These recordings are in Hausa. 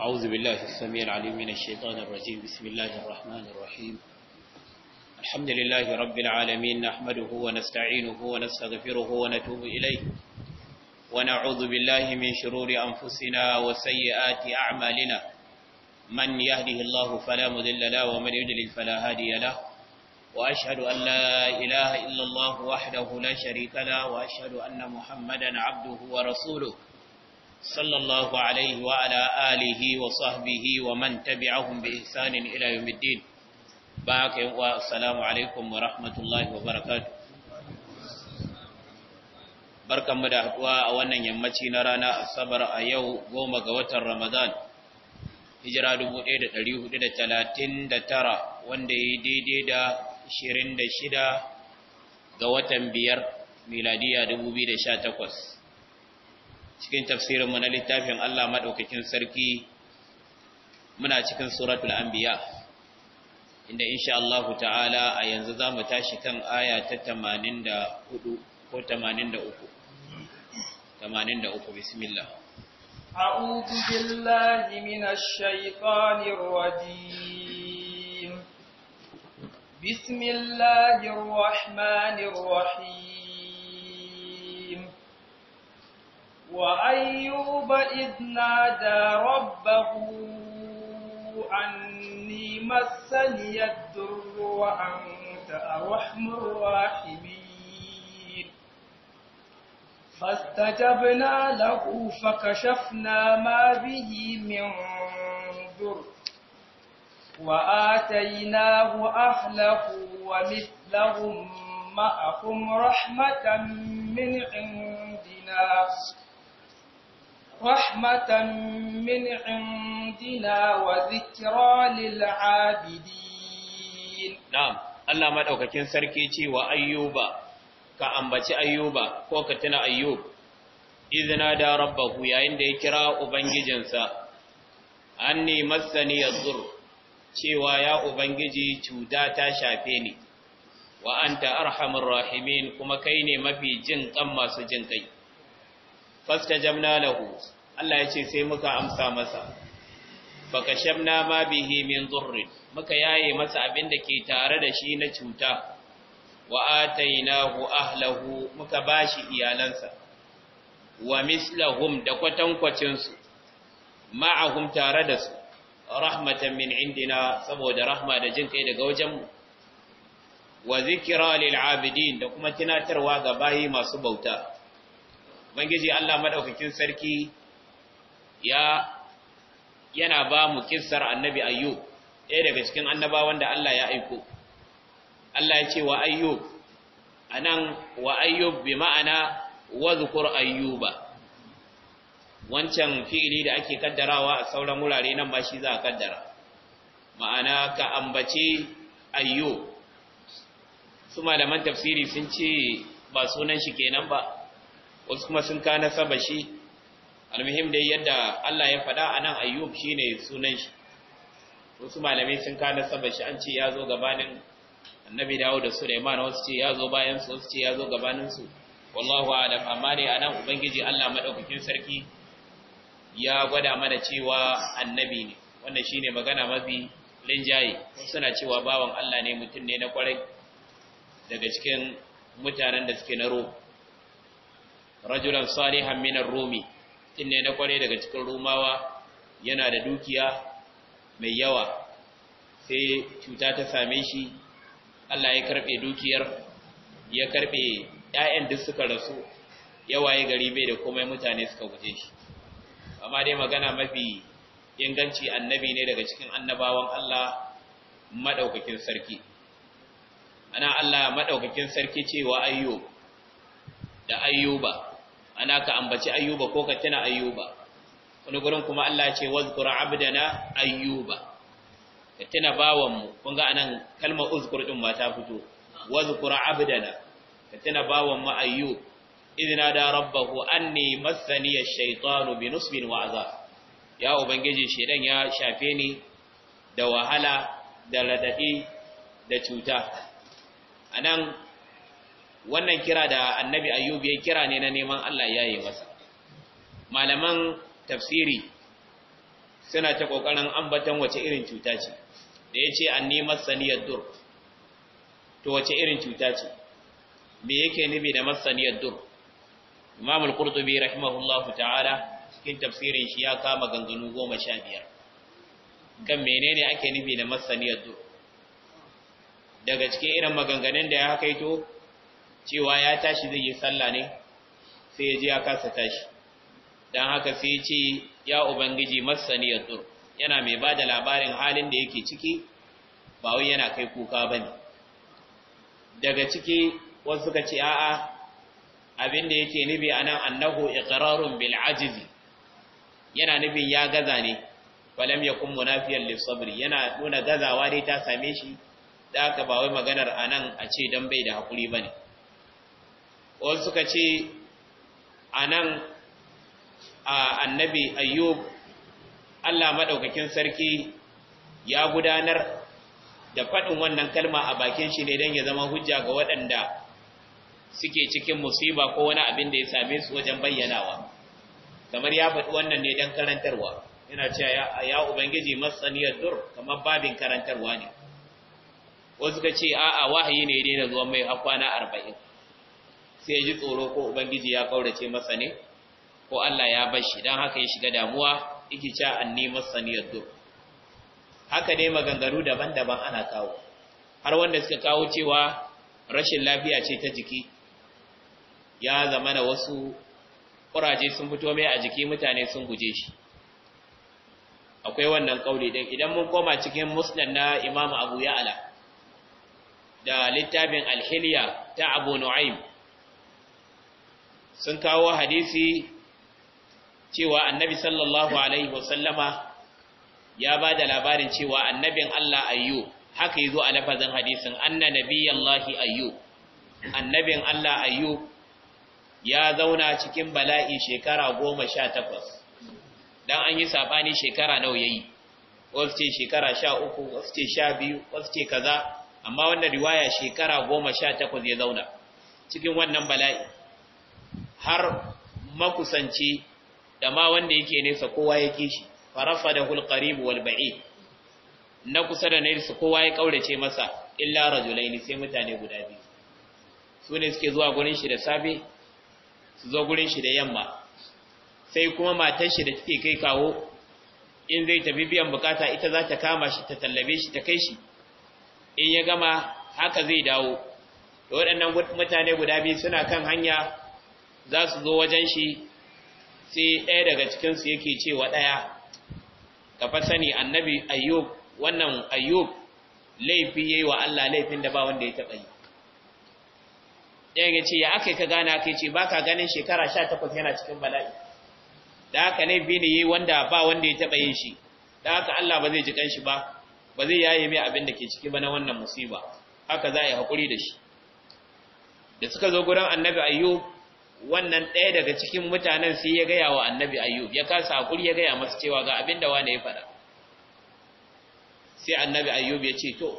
أعوذ بالله السميع العليم من الشيطان الرجيم بسم الله الرحمن الرحيم الحمد لله رب العالمين نحمده ونستعينه ونستغفره ونتوب إليه ونعوذ بالله من شرور أنفسنا وسيئات أعمالنا من يهده الله فلا مذل له ومن يدلل فلا هادي له وأشهد أن لا إله إلا الله وحده لا شريك له وأشهد أن محمدا عبده ورسوله صلى الله عليه وعلى آله وصحبه ومن تبعهم بإحسان إلى يوم الدين باك والسلام عليكم ورحمة الله وبركاته barkan mu da haduwa a wannan yammaci na rana asabar a yau goma ga watan ramadan hijira 1439 wanda ya yi daidai da 26 ga watan biyar miladiya 2018 cikin tafsirinmu na littafin Allah maɗaukakin sarki muna cikin suratul anbiya inda insha Allah ta'ala a yanzu za mu tashi kan aya ta 84 ko 83 83 bismillah أعوذ بالله من الشيطان الرجيم بسم الله الرحمن الرحيم وأيوب إذ نادى ربه أني مسني الدر وأنت أرحم الراحمين فاستجبنا له فكشفنا ما به من در وآتيناه أهله ومثلهم معهم رحمة من عندنا رحمة من عندنا Na'am, Allah maɗaukacin Sarki ce wa Ayyuba ka ambaci ayyuba ko ka tuna ayyub izina da rabbahu yayin da ya kira ubangijinsa anni massani yadur cewa ya ubangiji cuta ta shafe ni wa anta rahimin kuma kai ne mafi jin ƙan masu jin kai Fasta na lahu Allah ya ce sai muka amsa masa shamna ma bihi min dhurrin muka yaye masa abin da ke tare da shi na cuta wa atainahu ahlahu muka bashi iyalansa wa mislahum da kwatankwacin su ma'ahum tare da su rahmatan min indina saboda rahma da jin kai daga wajenmu wa zikra lil abidin da kuma tinatarwa ga bayi masu bauta Ubangiji Allah madaukakin sarki ya yana ba mu kissar annabi Ayyub, ɗaya daga cikin annabawan da Allah ya aiko. Allah ya ce wa Ayyub, a wa Ayyub bi ma'ana wa zukur Ayyuba. Wancan fi'ili da ake kaddarawa a sauran wurare nan ba shi za a kaddara. Ma'ana ka ambace Ayyub. Su malaman tafsiri sun ce ba sunan shi kenan ba. wasu kuma sun ka nasaba shi almuhim dai yadda Allah ya faɗa a nan ayyub ne sunan shi wasu malamai sun ka nasaba shi an ce ya zo gabanin annabi dawo da Suleiman, wasu ce ya zo bayan su wasu ce ya zo gabanin su wallahu a'lam amma dai nan ubangiji Allah madaukakin sarki ya gwada mana cewa annabi ne wannan shine magana mafi linjaye suna cewa bawan Allah ne mutum ne na kwarai daga cikin mutanen da suke na roƙo rajulan salihan minar rumi in ne na kware daga cikin rumawa yana da dukiya mai yawa sai cuta ta same shi Allah ya karbe dukiyar ya karbe 'ya'yan duk suka rasu yawa ya gari bai da komai mutane suka guje shi amma dai magana mafi inganci annabi ne daga cikin annabawan Allah madaukakin sarki ana Allah maɗaukakin sarki cewa ayyo da ayyuba ana ka ambaci ayyuba ko ka tuna ayyuba wani gurin kuma Allah ce wazkur abdana ayyuba ka tuna bawan mu kun ga anan kalmar uzkur din ma ta fito wazkur abdana ka tuna bawan mu ayyub idna da rabbahu anni massani ash shaytan bi nusbin wa azab ya ubangiji shedan ya shafe ni da wahala da radadi da cuta anan wannan kira da annabi ayyubi ya kira ne na neman Allah ya yi masa malaman tafsiri suna ta kokarin ambatan wace irin cuta ce da yace annimar saniyar dur to wace irin cuta ce me yake nubi da masaniyar dur imam al-qurtubi rahimahullahu ta'ala cikin tafsirin shi ya kama ganganu goma sha biyar Gan menene ake nufi da masaniyar dur daga cikin irin maganganun da ya kaito cewa ya tashi zai yi sallah ne sai ya ji ya kasa tashi don haka sai ya ce ya ubangiji ya dur yana mai ba da labarin halin da yake ciki ba wai yana kai kuka ba ne daga ciki wasu suka ce a'a abin da yake nufi anan nan annahu iqrarun bil ajizi yana nufin ya gaza ne falam yakun munafiyan li sabri yana nuna gazawa dai ta same shi da aka ba wai maganar anan a ce dan bai da hakuri bane wasu suka ce a nan a annabi ayyub Allah maɗaukakin sarki ya gudanar da faɗin wannan kalma a bakin shi ne don ya zama hujja ga waɗanda suke cikin musiba ko wani abin da ya same su wajen bayyanawa kamar ya faɗi wannan ne don karantarwa yana cewa ya ubangiji matsaniyar dur kamar babin karantarwa ne wasu ka ce a'a wahayi ne ne da zuwa mai hakwana arba'in sai ji tsoro ko ubangiji ya kaurace masa ne ko Allah ya bar shi dan haka ya shiga damuwa yake anni masaniyar dur haka ne maganganu daban-daban ana kawo har wanda suka kawo cewa rashin lafiya ce ta jiki ya zama na wasu kuraje sun fito mai a jiki mutane sun guje shi akwai wannan kauli din idan mun koma cikin musnad na Imam Abu Ya'la da littafin Al-Hilya ta Abu Nu'aym sun kawo hadisi cewa annabi sallallahu alaihi wasallama ya ba da labarin cewa annabin Allah ayyu haka yazo a lafazin hadisin anna nabiyallahi ayyu annabin Allah ayyu ya zauna cikin bala'i shekara goma sha takwas dan an yi sabani shekara nawa yayi wasu ce shekara sha uku wasu ce sha biyu wasu ce kaza amma wannan riwaya shekara goma sha takwas ya zauna cikin wannan bala'i har makusanci da ma wanda yake nesa kowa ya kishi farafa da hulqarib wal na kusa da nesa kowa ya kaurace masa illa rajulaini sai mutane guda biyu su suke zuwa gurin shi da safe su zo gurin shi da yamma sai kuma matar shi da take kai kawo in zai tafi biyan bukata ita za ta kama shi ta tallabe shi ta kai shi in ya gama haka zai dawo waɗannan mutane guda biyu suna kan hanya za su zo wajen shi sai ɗaya daga cikinsu yake cewa ɗaya fa sani annabi ayyub wannan ayyub laifi yayi wa Allah laifin da ba wanda ya taɓa yi ɗayan ya ce ya aka ka gane aka ce ba ka ganin shekara sha takwas yana cikin bala'i da haka laifi ne yayi wanda ba wanda ya taɓa yin shi da haka Allah ba zai ji kanshi ba ba zai yaye mai abin da ke ciki ba na wannan musiba haka za a yi haƙuri da shi da suka zo gurin annabi ayyub wannan ɗaya daga cikin mutanen sai ya gaya wa annabi ayyub ya kasa hakuri ya gaya masa cewa ga abin da wane ya faɗa sai annabi ayyub ya ce to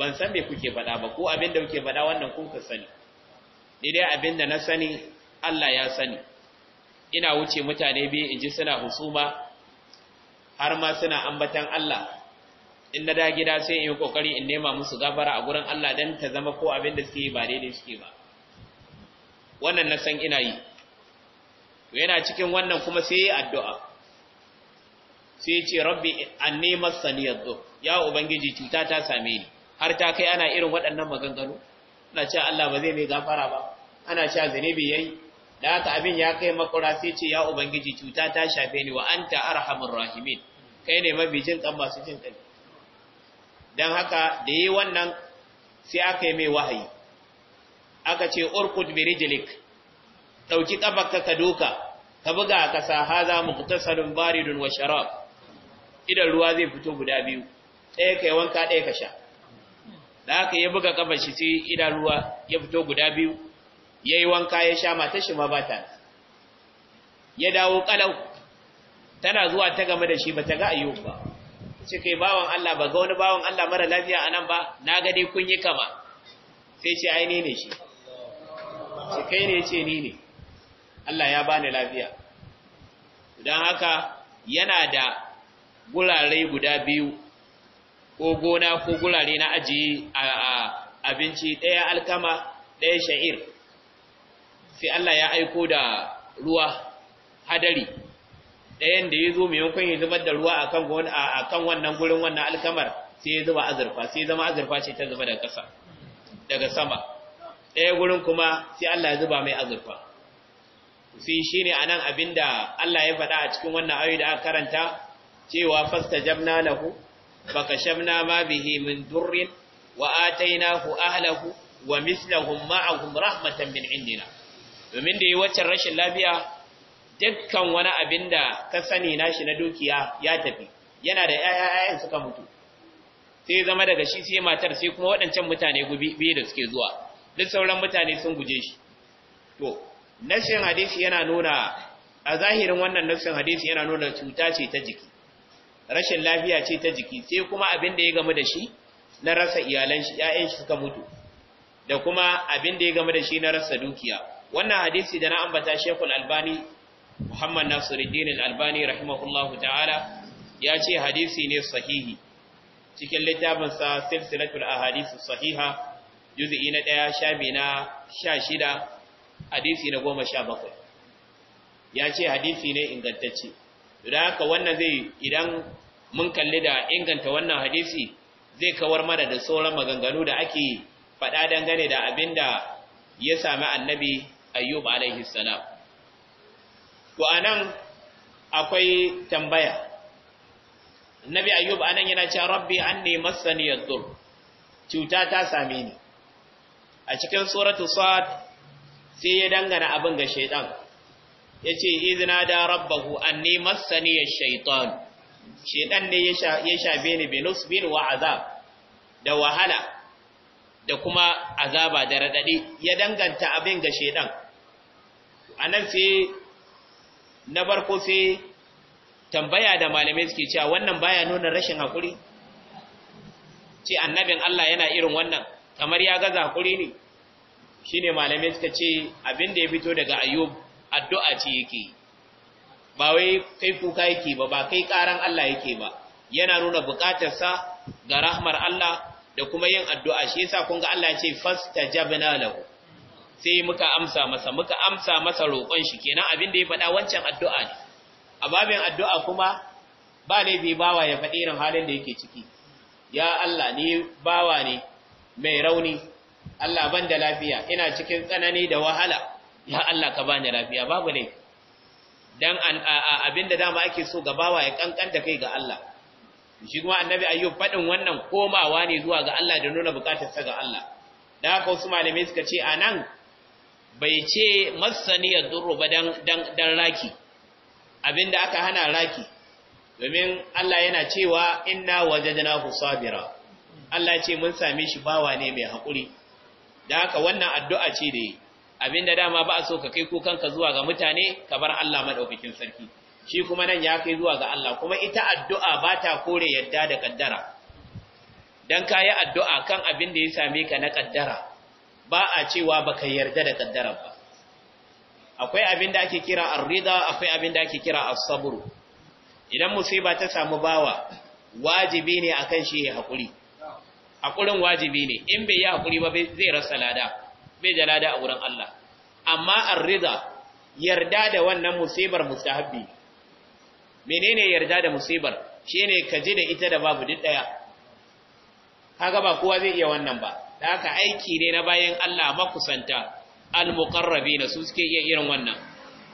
ban san me kuke faɗa ba ko abin da kuke faɗa wannan kun ka sani ni dai abin da na sani Allah ya sani ina wuce mutane biyu in ji suna husuma har ma suna ambatan Allah in na da gida sai in yi kokari in nema musu gafara a gurin Allah dan ta zama ko abin da suke ba daidai suke ba wannan na san ina yi yana cikin wannan kuma sai yi addu'a sai ya ce rabbi an nemar saniyar zo ya ubangiji cuta ta same ni har ta kai ana irin waɗannan maganganu ana cewa Allah ba zai mai gafara ba ana cewa ya yayi da haka abin ya kai makura sai ce ya ubangiji cuta ta shafe ni wa anta arhamur rahimin kai ne jin kan masu jin kai dan haka da yi wannan sai aka yi mai wahayi aka ce orkut bi rijlik dauki kafarka ka doka ka buga ka sa haza muqtasalun baridun wa sharab idan ruwa zai fito guda biyu ɗaya kai wanka ɗaya ka sha da aka yi buga kafar shi sai idan ruwa ya fito guda biyu yayi wanka ya sha mata shi ma ba ta ya dawo kalau tana zuwa ta game da shi ba ta ga ayyub ba ce kai bawan Allah ba ga wani bawan Allah mara lafiya anan ba na ga dai kun yi kama sai ce aini ne shi shi kai ne ce ni ne Allah ya bani lafiya don haka yana da gurare guda biyu ko gona ko gurare na ajiye a abinci ɗaya alkama ɗaya sha'ir sai Allah ya aiko da ruwa hadari ɗayan da ya zo yankun ya zubar da ruwa a kan wannan gurin wannan alkamar sai ya zuba azurfa sai zama azurfa ce ta zuba daga sama ɗaya gurin kuma sai Allah ya zuba mai azurfa sai shine anan da Allah ya faɗa a cikin wannan ayoyi da aka karanta cewa fastajabna lahu shamna ma bihi min durrin wa ku ahlahu wa mislahum ma'ahum rahmatan min indina domin da yi waccan rashin lafiya dukkan wani abin da ka sani nashi na dukiya ya tafi yana da 'ya'yan-ya'yan suka mutu sai zama daga shi sai matar sai kuma waɗancan mutane biyu da suke zuwa duk sauran mutane sun guje shi to nashin hadisi yana nuna a zahirin wannan nashin hadisi yana nuna cuta ce ta jiki rashin lafiya ce ta jiki sai kuma abin da ya gamu da shi na rasa iyalan shi ƴaƴan shi suka mutu da kuma abin da ya gamu da shi na rasa dukiya wannan hadisi da na ambata Sheikhul Albani Muhammad Nasiruddin Al-Albani rahimahullahu ta'ala ya ce hadisi ne sahihi cikin littafin sa Silsilatul Ahadith Sahiha juzi'i na ɗaya shabi na sha shida hadisi na goma sha bakwai ya ce hadisi ne ingantacce da haka wannan zai idan mun kalli da inganta wannan hadisi zai kawar mana da sauran maganganu da ake faɗa dangane da abin da ya sami annabi ayyub alaihi salam to anan akwai tambaya annabi ayyub anan yana cewa rabbi anni massani yadhur cuta ta same ni a cikin suratu sad sai ya dangana abin ga shaiɗan, ya ce izina da rabbahu an nemas saniyar shaitan Shaiɗan ne ya shafe ni benus bin wa da wahala da kuma azaba da radadi. ya danganta abin ga shaiɗan. a nan sai na barko sai tambaya da malamai suke cewa wannan baya nuna rashin haƙuri ce annabin Allah yana irin wannan kamar ya gaza kuri ne shine malamai suka ce abin ya fito daga ayyub addu'a ce yake ba wai kai kuka yake ba ba kai karan Allah yake ba yana nuna bukatarsa ga rahmar Allah da kuma yin addu'a shi yasa kun ga Allah ya ce fastajabna lahu sai muka amsa masa muka amsa masa roƙon shi kenan abin da ya faɗa wancan addu'a ne a babin addu'a kuma ba laifi bawa ya faɗi irin halin da yake ciki ya Allah ni bawa ne mai rauni Allah ban da lafiya ina cikin tsanani da wahala ya Allah ka bani lafiya babu ne dan da dama ake so gabawa ya kankan kai ga Allah shi kuma annabi ayyub fadin wannan komawa ne zuwa ga Allah da nuna bukatar sa ga Allah da haka wasu malamai suka ce anan bai ce masaniyar durru ba dan dan raki abinda aka hana raki domin Allah yana cewa inna wajadnahu sabira Allah ce mun same shi bawa ne mai haƙuri da haka wannan addu'a ce da yi abinda dama ba a so ka kai kukanka zuwa ga mutane ka bar Allah maɗaukakin sarki shi kuma nan ya kai zuwa ga Allah kuma ita addu'a ba ta kore yadda da kaddara dan yi addu'a kan abin da ya same ka na ƙaddara, ba a cewa baka yarda da ƙaddara ba akwai abin da ake kira ar-rida akwai abin da ake kira as-sabr idan musiba ta samu bawa wajibi ne akan shi ya hakuri hakurin wajibi ne in bai yi hakuri ba zai rasa lada bai da lada a wurin Allah amma arrida yarda da wannan musibar mustahabbi menene yarda da musibar shine ka ji da ita da babu duk daya kaga ba kowa zai iya wannan ba da haka aiki ne na bayan Allah makusanta almuqarrabina su suke iya irin wannan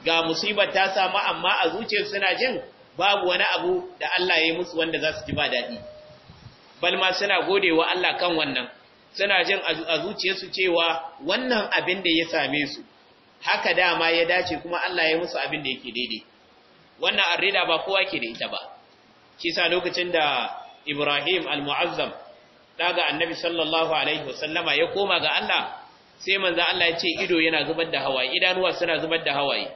ga musibar ta samu amma a zuciyar suna jin babu wani abu da Allah ya yi musu wanda za su ji ba daɗi Balma ma suna wa Allah kan wannan suna jin a zuciyarsu cewa wannan abin da ya same su haka dama ya dace kuma Allah ya musu abin da yake daidai wannan arrida ba kowa ke da ita ba shi sa lokacin da Ibrahim al-Mu'azzam daga Annabi sallallahu alaihi wasallama ya koma ga Allah sai manzo Allah ya ce ido yana zubar da hawaye idanuwa suna zubar da hawaye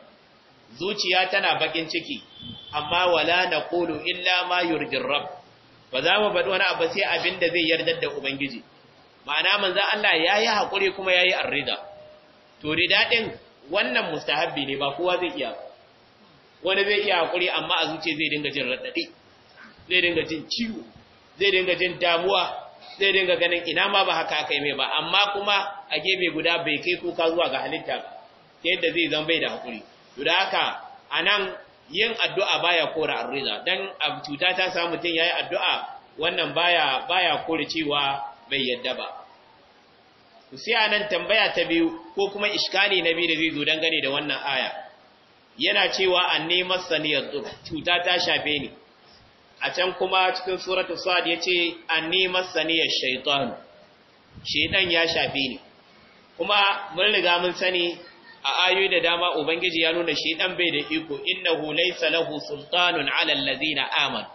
zuciya tana bakin ciki amma wala naqulu illa ma yurgin rabb ba za mu faɗi wani abu sai abin da zai yarda da ubangiji ma'ana manzan Allah ya yi haƙuri kuma ya yi arrida to rida ɗin wannan mustahabbi ne ba kowa zai iya wani zai iya haƙuri amma a zuce zai dinga jin raɗaɗi zai dinga jin ciwo zai dinga jin damuwa zai dinga ganin ina ma ba haka aka yi mai ba amma kuma a gefe guda bai kai kuka zuwa ga halitta ba yadda zai zan bai da haƙuri to da haka a nan yin addu'a baya kora don dan cuta ta samu ya yayi addu'a wannan baya baya kore cewa bai yadda ba sai nan tambaya ta biyu ko kuma iskali na biyu da zai zo dangane da wannan aya yana cewa neman saniyar cuta ta shafe ni a can kuma cikin suratu sad yace anni saniyar shaitan shaitan ya shafe ni kuma mun riga mun sani a ayoyi da dama ubangiji ya nuna "Shi ɗan bai da iko innahu laysa lahu sultanun ala aman,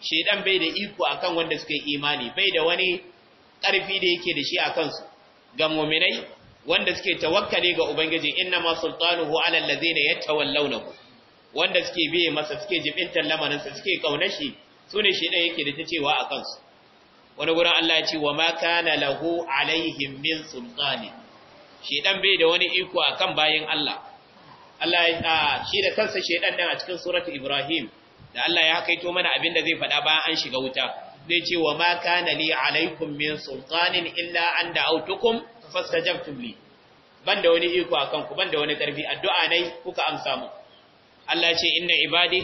Shi ɗan bai da iko akan wanda suka yi imani bai da wani karfi da yake da shi akan su ga mu'minai wanda suke tawakkale ga ubangiji innama sultanuhu ala allazina ku. wanda suke biye masa suke jibintar lamarin sa suke kaunar shi sune shedan yake da ta cewa akan su wani gurin Allah ya ce wa ma kana lahu alaihim min sultanin shedan bai da wani iko akan bayan Allah Allah shi da kansa shedan a cikin suratu Ibrahim da Allah ya kaito mana abin da zai faɗa bayan an shiga wuta zai ce wa ma kana li alaikum min sultanin illa an da'autukum fastajabtum li da wani iko akan ku da wani karfi addu'a nai kuka amsa mu Allah ce inna ibadi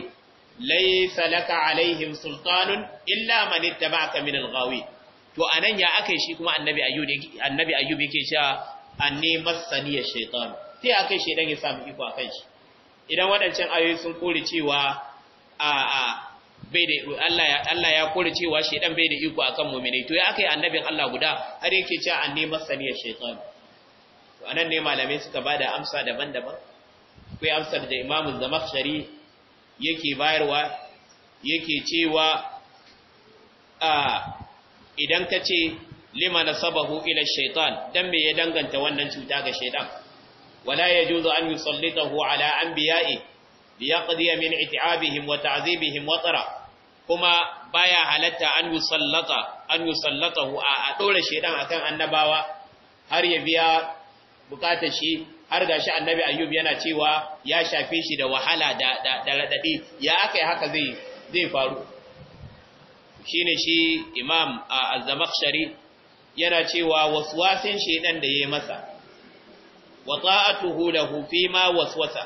laysa laka alaihim sultanun illa man ittaba'aka min al-ghawi to anan ya akai shi kuma annabi ayyubi ke ayyubi yake anni massaniya shaytan sai akai shaydan ya samu iko akan shi idan waɗancan ayoyi sun kore cewa a a bai da Allah ya Allah ya kore cewa shaydan bai da iko akan mu'mini to ya akai annabin Allah guda har yake cewa anni massaniya shaytan to anan ne malamai suka bada amsa daban-daban akwai amsar da Imam Zamakhshari yake bayarwa yake cewa a idan ka ce lima nasabahu ila shaitan dan me ya danganta wannan cuta ga shaitan wala yajuzu an yusallitahu ala anbiya'i liyaqdiya min it'abihim wa ta'zibihim wa tara kuma baya halatta an yusallata an yusallatahu a dole shaitan akan annabawa har ya biya bukatar shi har gashi annabi ayyub yana cewa ya shafe shi da wahala da da radadi ya akai haka zai zai faru shine shi imam az-zamakhshari yana cewa waswasin shedan da yayi masa wa ta'atuhu lahu fi ma waswasa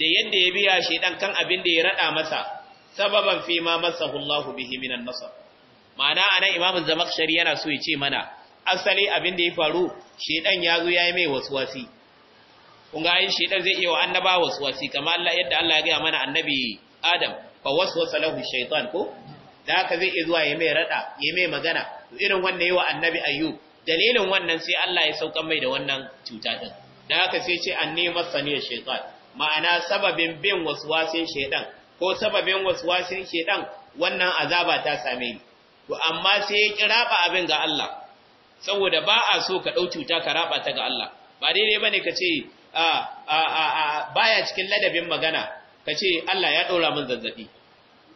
da yadda ya biya shedan kan abin da ya rada masa sababan fi ma masahu Allah bihi minan nasr ma'ana anan Imam Zamakhshari yana so ya ce mana asali abin da ya faru shedan ya zo yayi mai waswasi kun ga ai shedan zai iya wa annaba waswasi kamar Allah yadda Allah ya ga mana annabi Adam fa waswasa lahu shaytan ko da haka zai iya zuwa ya mai rada yayi mai magana irin wannan yi wa annabi ayyu. dalilin wannan sai Allah ya sauka mai da wannan cuta din da haka sai ce an nema saniyar shaitan ma'ana sababin bin waswasin shaitan ko sababin waswasin shaitan wannan azaba ta same ni to amma sai ya kiraba abin ga Allah saboda ba a so ka dau cuta ka raba ta ga Allah ba daidai bane ka ce a a baya cikin ladabin magana ka ce Allah ya dora min zazzabi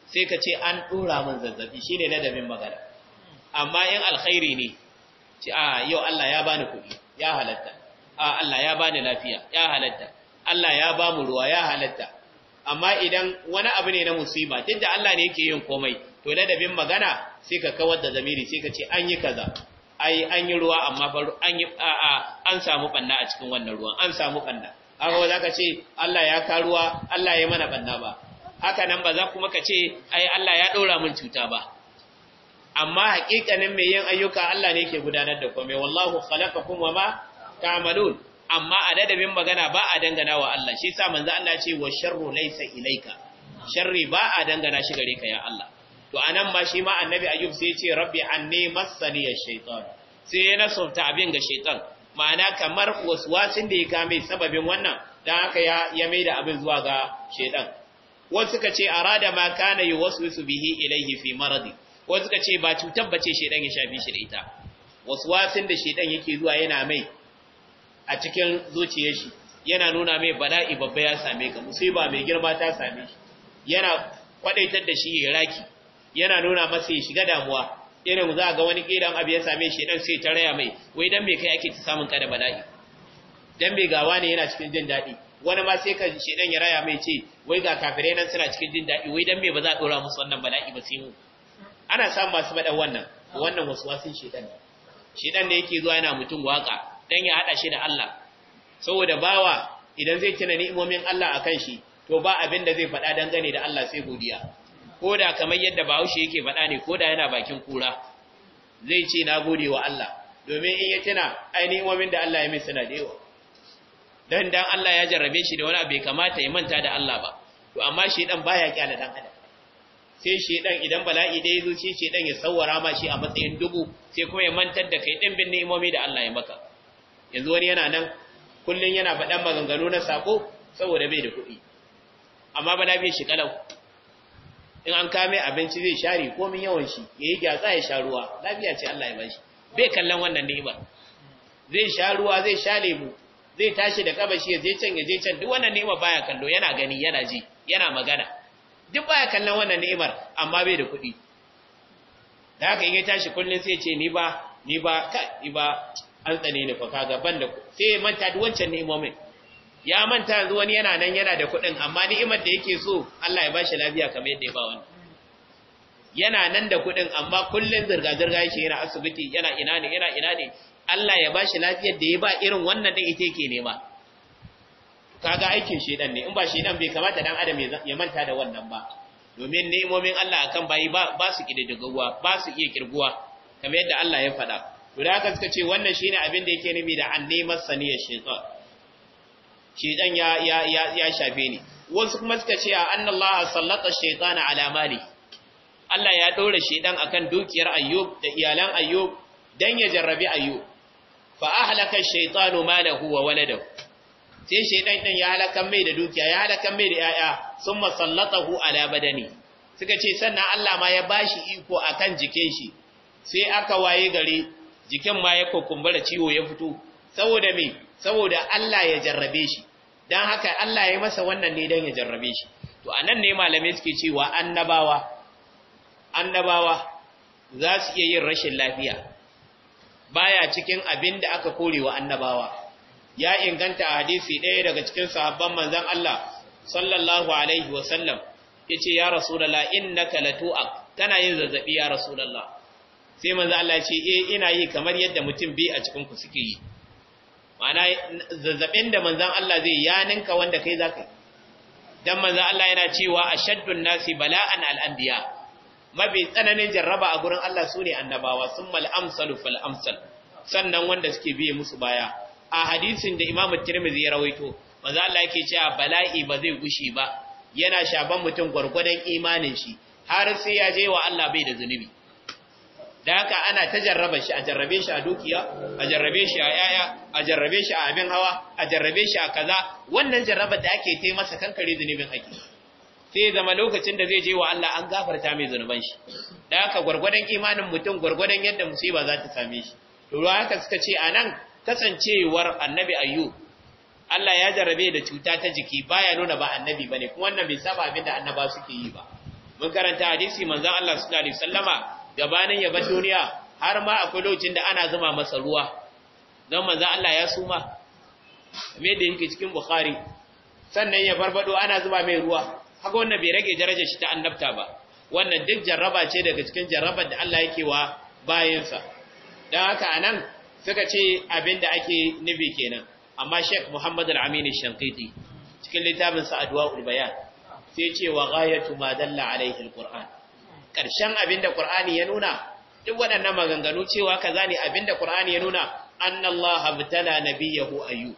sai ka ce an dora min zazzabi shine ladabin magana amma in alkhairi ne ci a yau Allah ya bani kuɗi ya halatta a Allah ya bani lafiya ya halatta Allah ya ba mu ruwa ya halatta amma idan wani abu ne na musiba duk da Allah ne yake yin komai to ladabin magana sai ka kawar da zamiri sai ka ce an yi kaza ai an yi ruwa amma an yi a a an samu banna a cikin wannan ruwan an samu banna haka ba za ka ce Allah ya ruwa Allah ya mana banna ba haka nan ba za kuma ka ce ai Allah ya ɗora min cuta ba amma haƙiƙanin mai yin ayyuka Allah ne ke gudanar da komai wallahu khalaqakum wama ta'malun amma a dadabin magana ba a dangana wa Allah shi yasa manzo Allah ce wa sharru laysa ilaika sharri ba a dangana shi gare ka ya Allah to anan ma shi ma annabi ayyub sai ya ce rabbi anni massani ash-shaytan sai ya nasauta abin ga shaytan ma'ana kamar waswasin da ya kame sababin wannan dan haka ya ya maida abin zuwa ga shaytan wasu suka ce arada ma kana yuwaswisu bihi ilaihi fi maradi ko suka ce ba cutar ce shaidan ya shafi shi da ita Wasu wasan da shaidan yake zuwa yana mai a cikin zuciyar shi yana nuna mai bala'i babba ya same ka musiba mai girma ta same shi yana kwadaitar da shi ya raki yana nuna masa ya shiga damuwa irin za ga wani kiran abu ya same shi dan sai ta raya mai wai dan me kai ake ta samun kada bala'i dan me gawa ne yana cikin jin dadi wani ma sai ka shedan ya raya mai ce wai ga kafirai nan suna cikin jin dadi wai dan me ba za a dora musu wannan bala'i ba sai mu ana samun masu faɗa wannan wannan waswasin shedan shedan ne yake zuwa yana mutum waka dan ya hada shi da Allah saboda bawa idan zai tuna ni'imomin Allah akan shi to ba abin da zai faɗa dangane da Allah sai godiya koda kamar yadda Bahaushe yake faɗa ne koda yana bakin kura zai ce na gode wa Allah domin in ya tuna ainihin da Allah ya mai suna da yawa dan dan Allah ya jarrabe shi da wani abu bai kamata ya manta da Allah ba to amma shi baya kyala dan sai shedan idan bala'i da yazo sai shedan ya sawara ma shi a matsayin dubu sai kuma ya mantar da kai bin ni'imomi da Allah ya maka yanzu wani yana nan kullun yana faɗan maganganu na sako saboda bai da kuɗi amma bala bai shi kalau in an kame abinci zai share komin yawan shi yayi gyatsa ya sha ruwa lafiya ce Allah ya bashi bai kallon wannan ni'imar zai sha ruwa zai sha lebu zai tashi da kabashi ya je can ya je can duk wannan ni'imar baya kallo yana gani yana ji yana magana duk baya kallon wannan ni'imar amma bai da kuɗi da haka in ya tashi kullun sai ce ni ba ni ba ka ni ba an tsane ni fa kaga ban da sai ya manta duk wancan ni'imomin ya manta yanzu wani yana nan yana da kuɗin amma ni'imar da yake so Allah ya bashi lafiya kamar yadda ya ba wani yana nan da kuɗin amma kullun zirga zirga yake yana asibiti yana ina ne yana ina ne Allah ya bashi lafiyar da ya ba irin wannan da ita yake nema kaga aikin shedan ne in ba shedan bai kamata dan adam ya manta da wannan ba domin ni'imomin Allah akan bayi ba ba su ba su iya kirguwa kamar yadda Allah ya faɗa to da haka suka ce wannan shine abin da yake nufi da annimar saniyar shedan shedan ya ya ya, shafe ni wasu kuma suka ce annallaha sallata shaytana ala mali Allah ya dora shedan akan dukiyar ayyub da iyalan ayyub dan ya jarrabi ayyub fa ahlaka shaytanu malahu wa waladahu sai shaidan ɗan ya halakan mai da dukiya ya halakan mai da ‘ya'ya sun masallatahu ala badani suka ce sannan Allah ma ya bashi iko a kan jikin shi sai aka waye gari jikin ma ya kokumbura ciwo ya fito saboda me saboda Allah ya jarrabe shi don haka Allah ya masa wannan ne don ya jarrabe shi to anan ne malamai suke cewa annabawa annabawa za su iya yin rashin lafiya baya cikin abin da aka korewa annabawa ya inganta a hadisi ɗaya daga cikin sahabban manzan Allah sallallahu alaihi wa sallam yace ya rasulullah innaka latu'aq kana yin zazzabi ya rasulullah sai manzon Allah ya ce eh ina yi kamar yadda mutum bi a cikin ku suke yi ma'ana zazzabin da manzan Allah zai ya ninka wanda kai zaka dan manzon Allah yana cewa ashaddun nasi bala'an al-anbiya mabi tsananin jarraba a gurin Allah sune annabawa summal amsalu fal amsal sannan wanda suke biye musu baya a hadisin da Imam Tirmidhi ya rawaito manzo Allah yake cewa bala'i ba zai gushi ba yana shaban mutum gurgurdan imanin shi har sai ya je wa Allah bai da zunubi da haka ana ta jarraba shi a jarrabe shi a dukiya a jarrabe shi a yaya a jarrabe shi a abin hawa a jarrabe shi a kaza wannan jarraba da ake tai masa kankare zunubin ake sai zama lokacin da zai je wa Allah an gafarta mai zunuban shi da haka gurgurdan imanin mutum gurgurdan yadda musiba za ta same shi to haka suka ce anan kasancewar annabi ayyu. Allah ya jarrabe da cuta ta jiki baya nuna ba annabi bane kuma wannan bai saba abin da annaba suke yi ba mun karanta hadisi manzon Allah sallallahu alaihi wasallama gabanin ya bar duniya har ma akwai lokacin da ana zuma masa ruwa don manzon Allah ya suma me da yake cikin bukhari sannan ya farfado ana zuma mai ruwa haka wannan bai rage darajar shi ta annabta ba wannan duk jarraba ce daga cikin jarrabar da Allah yake wa bayansa Dan haka anan suka ce abin da ake nufi kenan amma Sheikh Muhammad al Shankiti cikin littafin sa Adwa Bayan sai ce wa ma dalla alaihi al karshen abin da Qur'ani ya nuna duk waɗannan maganganu cewa kaza ne abin da Qur'ani ya nuna annallaha na nabiyahu ayyub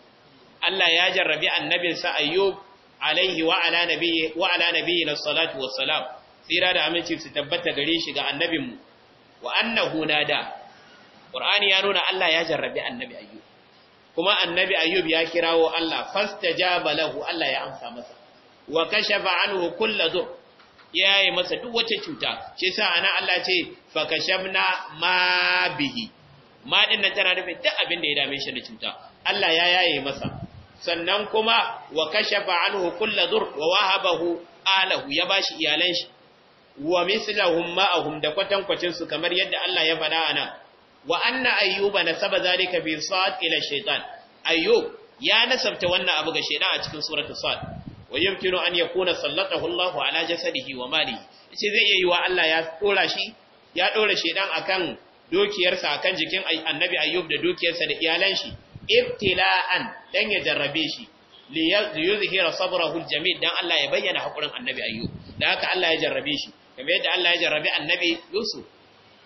Allah ya jarrabi annabinsa ayyub alaihi wa ala na wa na salatu salatu salam, tsira da aminci su tabbata gare shi ga annabinmu wa annahu da. Qur'ani ya nuna Allah ya jarrabi annabi ayyub kuma annabi ayyub ya kirawo Allah fastajaba lahu Allah ya amsa masa wa kashafa anhu kullu dhur yayi masa duk wata cuta shi sa ana Allah ce fa kashafna ma bihi ma din nan tana rufe duk abin da ya dame shi da cuta Allah ya yaye masa sannan kuma wa kashafa anhu kullu dhur wa wahabahu alahu ya bashi iyalan shi wa mislahum ma'ahum da kwatankwacin su kamar yadda Allah ya faɗa anan wa anna ayyuba nasaba zalika bi sad ila shaytan ayyub ya nasabta wannan abu ga shaytan a cikin suratul sad wa yumkinu an yakuna sallatahu Allahu ala jasadihi wa malihi yace zai iya wa Allah ya dora shi ya dora shaytan akan kan akan jikin annabi ayyub da dokiyarsa da iyalan shi ibtila'an dan ya jarrabe shi li yuzhira sabrahu aljamil dan Allah ya bayyana hakurin annabi ayyub da haka Allah ya jarrabe shi kamar yadda Allah ya jarrabe annabi yusuf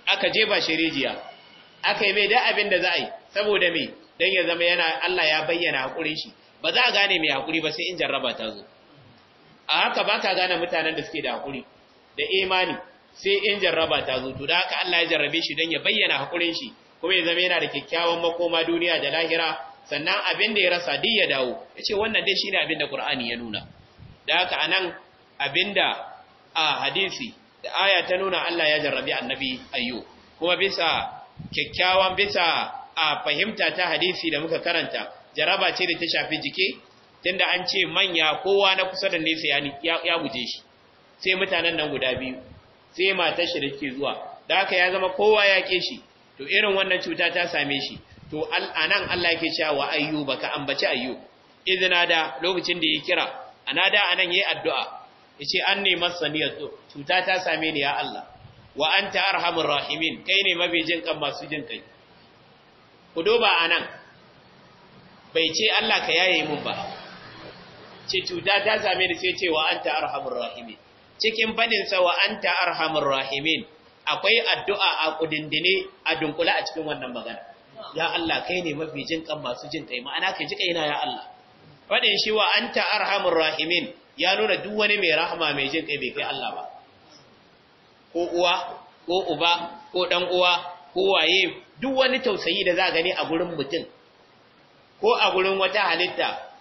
aka jeba shi rijiya aka yi mai da abin da za a yi saboda mai don ya zama yana Allah ya bayyana haƙurin shi ba za a gane mai haƙuri ba sai in jarraba ta zo a haka ba ka gane mutanen da suke da haƙuri da imani sai in jarraba ta zo to da haka Allah ya jarrabe shi don ya bayyana haƙurin shi kuma ya zama yana da kyakkyawan makoma duniya da lahira sannan abin da ya rasa duk ya dawo ya ce wannan dai shine abin da Qur'ani ya nuna da haka anan abin da a hadisi da aya ta nuna Allah ya jarrabi annabi ayyu kuma bisa kyakkyawan bisa a fahimta ta hadisi da muka karanta jaraba ce da ta shafi jiki tunda an ce manya kowa na kusa da nesa ya guje shi sai mutanen nan guda biyu sai mata shi da ke zuwa da haka ya zama kowa ya ke shi to irin wannan cuta ta same shi to anan Allah yake cewa wa ayyuba ka ambaci ayyub izina da lokacin da ya kira anada anan yayi addu'a yace anni masaniyatu cuta ta same ni ya Allah wa anta arhamur rahimin kai ne mafi jin kan masu jin kai ku duba anan bai ce Allah ka yaye mun ba ce tuda ta same da sai ce wa anta arhamur rahimin cikin baninsa sa wa anta arhamur rahimin akwai addu'a a kudindine a dunkula a cikin wannan magana ya Allah kai ne mafi jin kan masu jin kai ma'ana kai jika ina ya Allah fadin shi wa anta arhamur rahimin ya nuna duk wani mai rahama mai jin kai bai kai Allah ba ko uwa ko uba ko dan uwa ko waye duk wani tausayi da za gani a gurin mutum ko a gurin wata halitta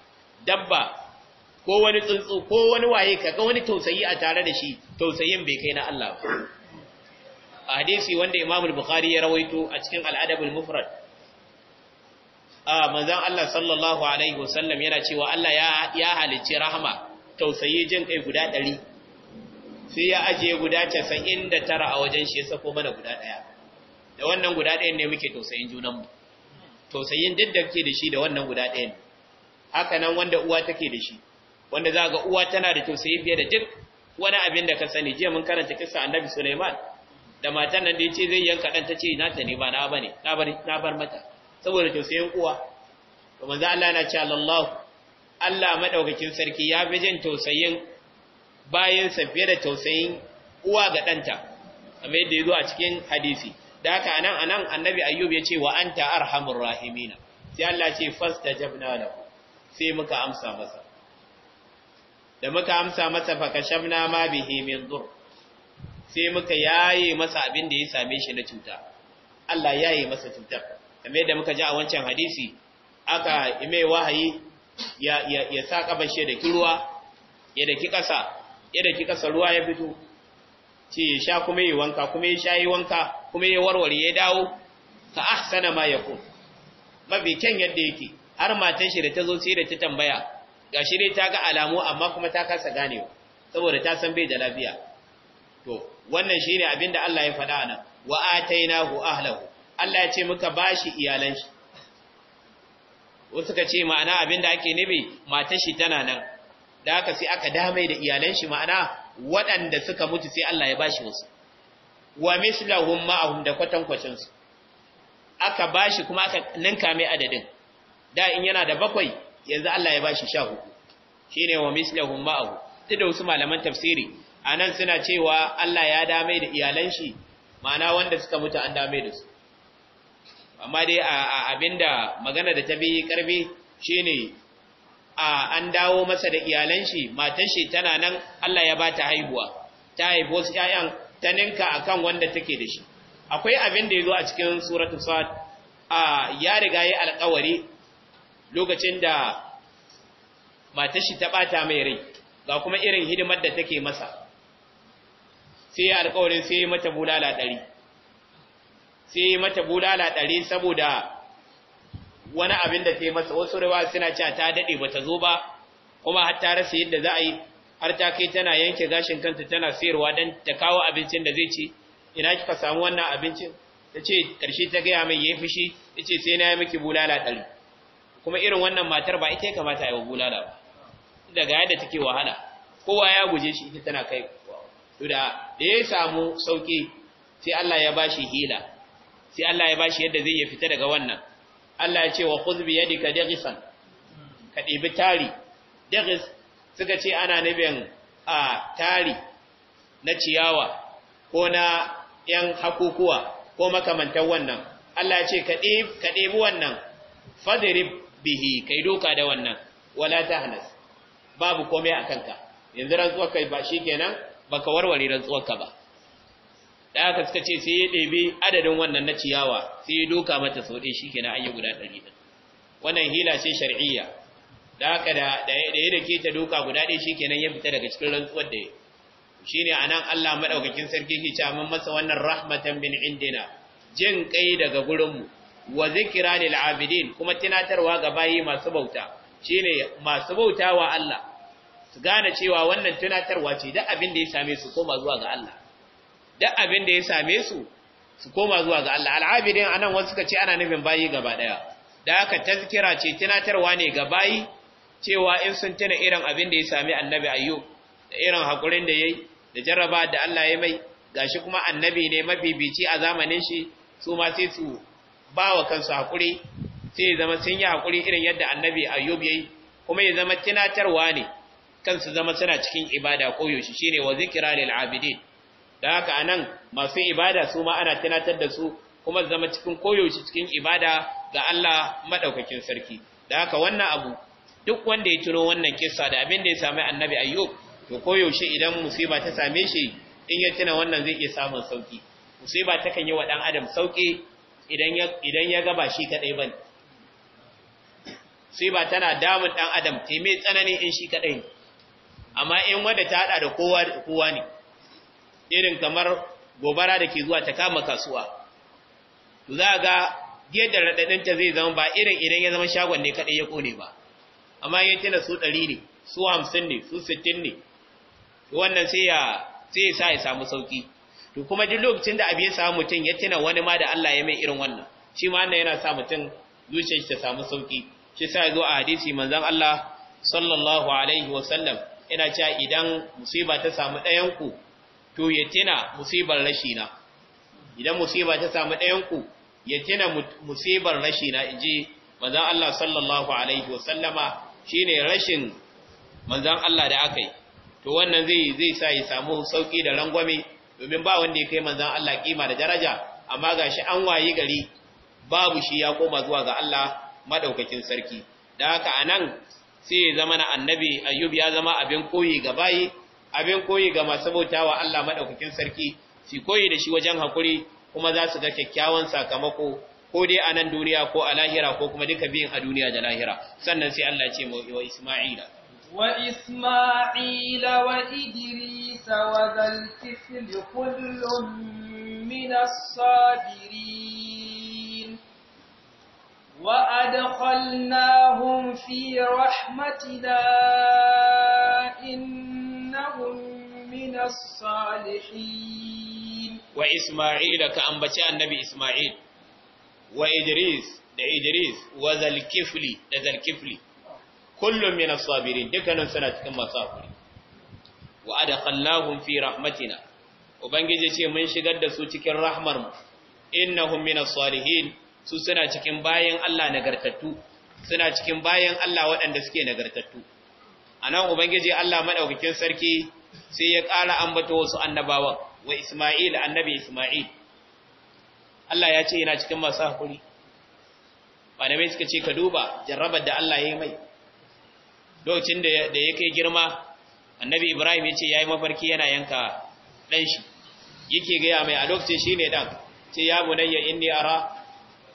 dabba ko wani tsuntsu ko wani waye kaga wani tausayi a tare da shi tausayin bai kai na Allah ba a hadisi wanda Imam al-Bukhari ya rawaito a cikin al-Adab mufrad a manzon Allah sallallahu alaihi wasallam yana cewa Allah ya ya halicci rahama tausayi jin kai guda 100 sai ya ajiye guda 99 a wajen shi ya sako mana guda daya da wannan guda dayan ne muke tausayin junanmu tausayin duk da kake da shi da wannan guda dayan haka nan wanda uwa take da shi wanda za ga uwa tana da tausayi fiye da duk wani abin da ka sani jiya mun karanta kissa annabi Sulaiman da matan nan da yace zai yanka dan tace na ta ne ba na bane na bar na bar mata saboda tausayin uwa to manzo Allah yana cewa Allah Allah madaukakin sarki ya bijin jin tausayin bayansa fiye da tausayin uwa ga ɗanta kamar yadda ya zo a cikin hadisi da haka anan anan annabi ayyub ya ce wa anta arhamur rahimina sai Allah ce fastajabna lahu sai muka amsa masa da muka amsa masa fakashamna ma bihi min dur sai muka yaye masa abin da ya same shi na cuta Allah yaye masa cutar kamar yadda muka ji a wancan hadisi aka mai wahayi ya ya, ya sa da kirwa ya daki kasa Yadda daki kasa ruwa ya fito ce ya sha kuma yi wanka kuma ya sha yi wanka kuma ya warware ya dawo ka sana ma yakun mafi kyan yadda yake har matan shi da ta zo sai da ta tambaya ga shi ne ta ga alamu amma kuma ta kasa ganewa saboda ta san bai da lafiya to wannan shine abin da Allah ya faɗa nan wa atainahu ahlahu Allah ya ce muka bashi iyalan shi wasu ka ce ma'ana abin da ake nufi matar shi tana nan da aka sai aka damai da iyalan shi ma'ana waɗanda suka mutu sai Allah ya bashi wasu wa mislahum ma'ahum da kwacin su aka bashi kuma aka ninka mai adadin da in yana da bakwai yanzu Allah ya bashi 14 shine wa mislahum ma'ahu duk da wasu malaman tafsiri anan suna cewa Allah ya damai da iyalan shi ma'ana wanda suka mutu an damai da su amma dai abinda magana da ta bi karbi shine an dawo masa da iyalan shi matan shi tana nan Allah ya bata haihuwa ta haifi wasu ƴaƴan ta ninka akan wanda take da shi akwai abin da yazo a cikin suratul sad a ya riga yi alƙawari lokacin da matan shi ta bata mai rai ga kuma irin hidimar da take masa sai alƙawarin sai mata bulala ɗari sai mata bulala ɗari saboda wani abin da ta yi masa wasu rawa suna cewa ta dade ba ta zo ba kuma har ta rasa yadda za a yi har ta kai tana yanke gashin kanta tana sayarwa don ta kawo abincin da zai ci ina kika samu wannan abincin ta ce ƙarshe ta gaya mai ya yi fushi ta ce sai na yi miki bulala ɗari kuma irin wannan matar ba ita ya kamata a yi wa bulala ba daga yadda take wahala kowa ya guje shi ita tana kai to da da ya samu sauki sai Allah ya bashi hila sai Allah ya bashi yadda zai ya fita daga wannan Allah ya ce wa khudh bi yadika daghisan ka dibi tari daghis suka ce ana nubin a tari na ciyawa ko na yan hakukuwa ko makamantar wannan Allah ya ce ka ɗibi ka dibi wannan fadrib bihi kai doka da wannan wala tahnas babu komai akan ka yanzu rantsuwar kai ba shikenan baka warware rantsuwar ka ba da aka suka ce sai ya ɗebe adadin wannan na ciyawa sai ya doka mata sau ɗaya shi kenan an yi guda ɗari ɗin wannan hila ce shar'iyya da aka da ya da ke ta doka guda ɗaya shi kenan ya fita daga cikin rantsuwar da ya shi ne a nan Allah maɗaukakin sarki ke ce masa wannan rahmatan bin indina jin kai daga gurinmu wa zikira lil abidin kuma tunatarwa ga bayi masu bauta shine masu bauta wa Allah su gane cewa wannan tunatarwa ce da abin da ya same su koma zuwa ga Allah duk abin da ya same su su koma zuwa ga Allah al'abidin anan wasu suka ce ana nufin bayi gaba daya da haka tazkira ce tunatarwa ne ga bayi cewa in sun tuna irin abin da ya same annabi ayyub da irin hakurin da yayi da jarraba da Allah ya mai gashi kuma annabi ne mabibici a zamanin shi su ma sai su ba wa kansu hakuri sai zama sun yi hakuri irin yadda annabi ayyub yayi kuma ya zama tunatarwa ne kansu zama suna cikin ibada koyaushe shine wa zikra lil abidin da haka anan masu ibada su ma ana tunatar da su kuma zama cikin koyaushe cikin ibada ga Allah maɗaukakin sarki da haka wannan abu duk wanda ya tuno wannan kissa da abin da ya sami annabi ayyub to koyaushe idan musiba ta same shi in ya tuna wannan zai iya samun sauki musiba ta kan yi wa dan adam sauki idan ya idan ya gaba shi kadai Sai musiba tana damun ɗan adam te tsanani in shi kadai amma in wanda ta haɗa da kowa kowa ne irin kamar gobara da ke zuwa ta kama kasuwa za ga yadda raɗaɗinta zai zama ba irin idan ya zama shagon ne kadai ya kone ba amma yin tana su ɗari ne su hamsin ne su sittin ne wannan sai ya sa ya samu sauƙi to kuma duk lokacin da abin ya samu mutum ya tana wani ma da Allah ya mai irin wannan shi ma wannan yana sa mutum zuciyar ta samu sauki shi sa ya zo a hadisi manzon Allah sallallahu alaihi wasallam yana cewa idan musiba ta samu ɗayan ku to ya tina musibar rashina idan musiba ta samu ɗayanku ya tina musibar rashina in ji manzan Allah sallallahu Alaihi wasallama shi ne rashin manzan Allah da aka yi to wannan zai zai sa ya samu sauƙi da rangwame domin ba wanda ya kai manzan Allah ƙima da daraja amma ga shi an wayi gari babu shi ya koma zuwa ga Allah madaukakin sarki da haka anan sai ya zama na annabi ayyub ya zama abin koyi ga bayi abin koyi ga masu bauta wa Allah maɗaukakin sarki su koyi da shi wajen hakuri kuma za su ga kyakkyawan sakamako ko dai a nan duniya ko a lahira ko kuma duka biyin a duniya da lahira sannan sai Allah ce mu wa Isma'ila wa Isma'ila wa Idris wa zal kullum min as-sabirin wa adkhalnahum fi rahmatina إنهم من الصالحين وإسماعيل كأنبتي النبي إسماعيل وإدريس da Idris wa zalkifli da zalkifli kullum min as-sabirin dukkanin suna cikin masu hakuri wa adkhalnahum fi rahmatina ubangiji ce mun shigar da su cikin rahmar mu innahum min salihin su suna cikin bayan Allah waɗanda suke nagartattu anan ubangiji Allah madaukakin sarki sai ya ƙara ambata wasu annabawan wa Isma'il annabi Isma'il Allah ya ce yana cikin masu hakuri mai suka ce ka duba jarrabar da Allah ya yi mai lokacin da ya kai girma annabi Ibrahim ya ce ya yi mafarki yana yanka ɗan shi yake gaya mai a lokacin shi ne ɗan ce ya bunayya inni ara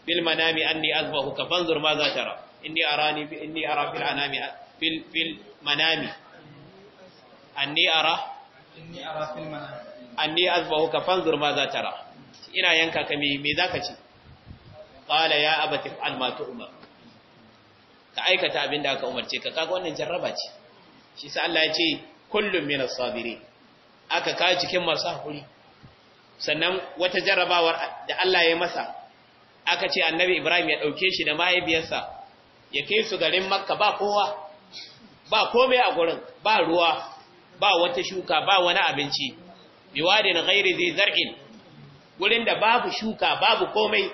bil manami anni azbahu ka banzur ma za tara inni ara ni inni ara bil anami fil fil manami anni ara inni ara fil manami anni azbahuka fanzur ma za tara ina yanka ka me me zaka ce qala ya abati al ma tu'mar ka aikata abinda aka umarce ka kaga wannan jarraba ce shi sa Allah ya ce kullum minas sabirin aka ka cikin masu hakuri sannan wata jarrabawar da Allah ya masa aka ce annabi Ibrahim ya dauke shi da mahaifiyarsa ya kai su garin Makka ba kowa ba komai a gurin ba ruwa ba wata shuka ba wani abinci biwadin ghairi zai zar'in gurin da babu shuka babu komai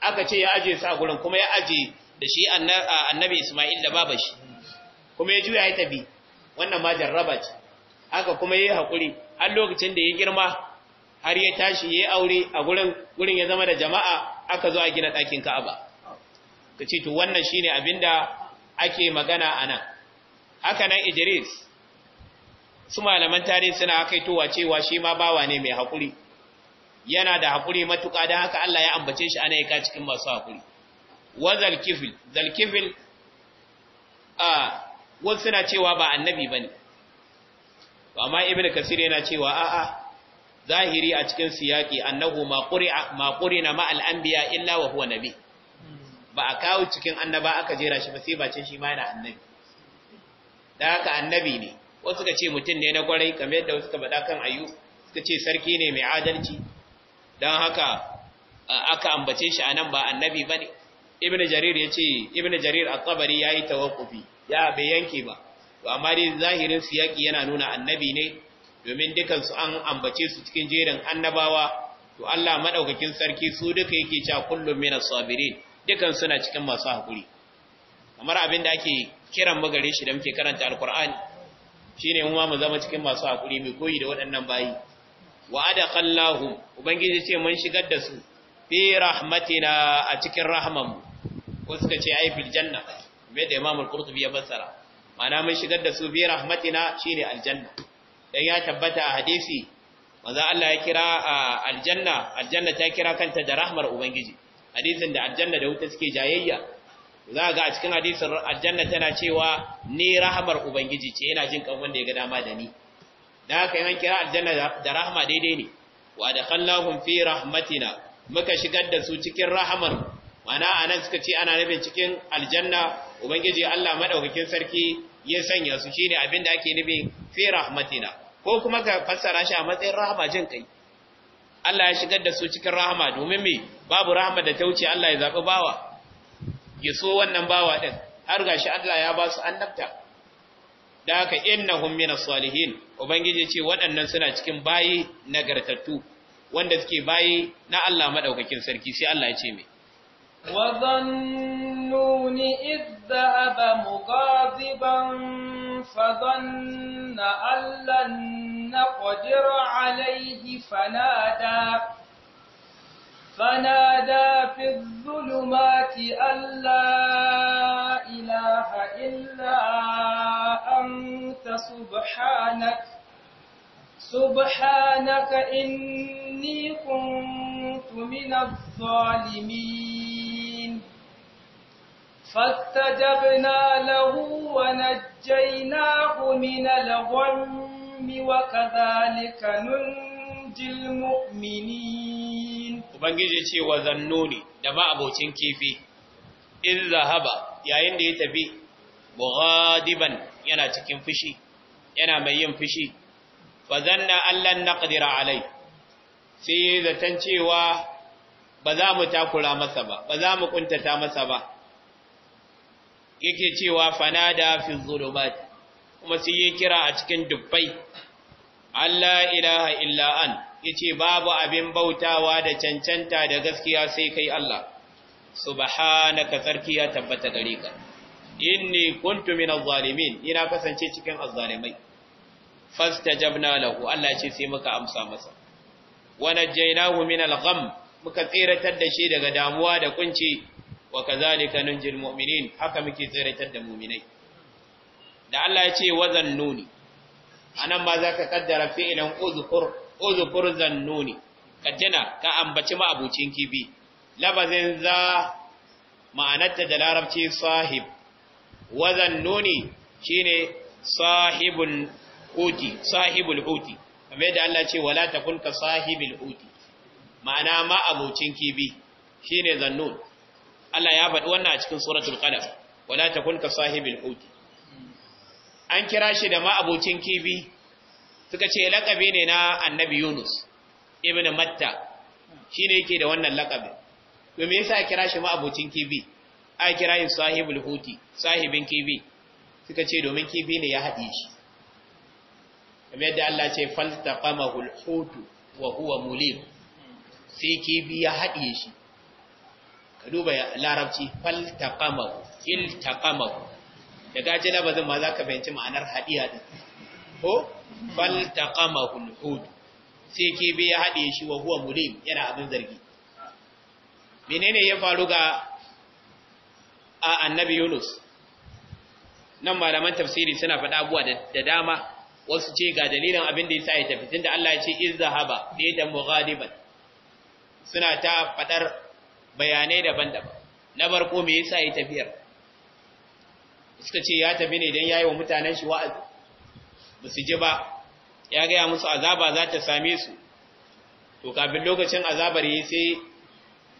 aka ce ya aje sa gurin kuma ya aje da shi annabi Isma'il da babu shi kuma ya juya ya tabi wannan ma jarraba ce haka kuma yi hakuri har lokacin da ya girma har ya tashi yayi aure a gurin ya zama da jama'a aka zo a gina ɗakin Ka'aba kace to wannan shine abinda ake magana anan haka nan Idris su malaman tarihi suna towa cewa shi ma bawa ne mai haƙuri yana da haƙuri matuƙa don haka Allah ya ambace shi ana yaka cikin masu haƙuri wa zalkifil zalkifil a wasu suna cewa ba annabi bane amma ibnu kasir yana cewa a'a zahiri a cikin siyaki annahu ma quri'a ma qurina ma al-anbiya illa wa huwa nabi ba a kawo cikin annaba aka jera shi ba sai ba ce shi ma yana annabi da haka annabi ne wasu suka ce mutum ne na kwarai kamar yadda suka faɗa kan ayu suka ce sarki ne mai adalci don haka aka ambace shi anan ba annabi bane ibn jarir yace ibn jarir at-tabari yayi tawaqqufi ya bai yanke ba to amma dai zahirin siyaki yana nuna annabi ne domin dukan su an ambace su cikin jerin annabawa to Allah madaukakin sarki su duka yake cewa kullum minas sabirin dukan suna cikin masu hakuri kamar abin da ake kiran mu shi da muke karanta alkur'ani shine mu ma mu zama cikin masu hakuri mai koyi da waɗannan bayi wa Kallahu, ubangiji ce mun shigar da su fi rahmatina a cikin rahman ko suka ce ai fil janna me da imam al-qurtubi ya fassara ma'ana mun shigar da su fi rahmatina shine aljanna dan ya tabbata a hadisi manzo Allah ya kira aljanna aljanna ta kira kanta da rahmar ubangiji hadisin da aljanna da wuta suke jayayya za ga a cikin hadisin aljanna tana cewa ni rahamar ubangiji ce yana jin kan wanda ya ga dama da ni da haka yawan kira aljanna da rahama daidai ne wa da kallahun fi rahmatina muka shigar da su cikin rahamar mana a nan suka ce ana nufin cikin aljanna ubangiji Allah maɗaukakin sarki ya sanya su shine abin da ake nufi fi rahmatina ko kuma ka fassara shi a matsayin rahama jin kai Allah ya shigar da su cikin rahama domin me babu rahama da ta wuce Allah ya zaɓi bawa ya wannan bawa ɗin har gashi Allah ya ba su annabta da haka innahum minas salihin ubangiji ce waɗannan suna cikin bayi nagartattu wanda suke bayi na Allah maɗaukakin sarki sai Allah ya ce me wa dhannuni idzaba mughadiban fa dhanna allan naqdir alayhi fanada فنادى في الظلمات أن لا إله إلا أنت سبحانك سبحانك إني كنت من الظالمين فاستجبنا له ونجيناه من الغم وكذلك ننجي المؤمنين ubangiji ce wa zannuni da ma'abocin kifi in zahaba yayin da ya tafi mughadiban yana cikin fushi yana mai yin fushi fa zanna allan naqdira alai sai zaton cewa ba za mu takura masa ba ba za mu ƙuntata masa ba yake cewa fanada fi zulumat kuma sai ya kira a cikin dubbai Allah ilaha illa an yace babu abin bautawa da cancanta da gaskiya sai kai Allah subhanaka sarki ya tabbata gare ka inni kuntu min zalimin ina kasance cikin azzalimai fastajabna lahu Allah ce sai muka amsa masa wa min al-gham muka tsiratar da shi daga damuwa da kunci wa kazalika nunjil mu'minin haka muke tsiratar da mu'minai da Allah yace ce wazan nuni anan ma za ka kaddara fi'ilan uzkur uzkur zannuni kaddana ka ambaci ma ma'abucin kibi labazin za ma'anarta da larabci sahib wa zannuni shine sahibul huti sahibul huti kamar da Allah ce wala takun ka sahibul huti ma'ana ma ma'abucin kibi shine zannun Allah ya faɗi wannan a cikin suratul qalam wala takun ka sahibul huti an kira shi da ma'abocin kifi suka ce lakabi ne na annabi yunus ibn matta shi ne yake da wannan laƙabin domin yasa kira shi ma'abocin kifi a kira yin sahibul huti sahibin kifi suka ce domin kifi ne ya haɗe shi kamar yadda Allah ce fal al-hutu wa huwa mulim sai kifi ya haɗe shi ka duba larabci il iltaqamahu da gaji bazan ma za ka fahimci ma'anar hadiya da ko faltaqamahu kama hud sai bi ya hade shi wa huwa mulim yana abin zargi menene ya faru ga a annabi Yunus nan malaman tafsiri suna faɗa abuwa da dama wasu ce ga dalilin abin da ya sa ya tafi tunda Allah ya ce izhaba da mughadiban suna ta faɗar bayanai daban-daban na farko me yasa ya tafiyar suka ce ya tafi ne don ya yi wa mutanen shi wa'azi ba su ji ba ya gaya musu azaba za ta same su to kafin lokacin azabar yi sai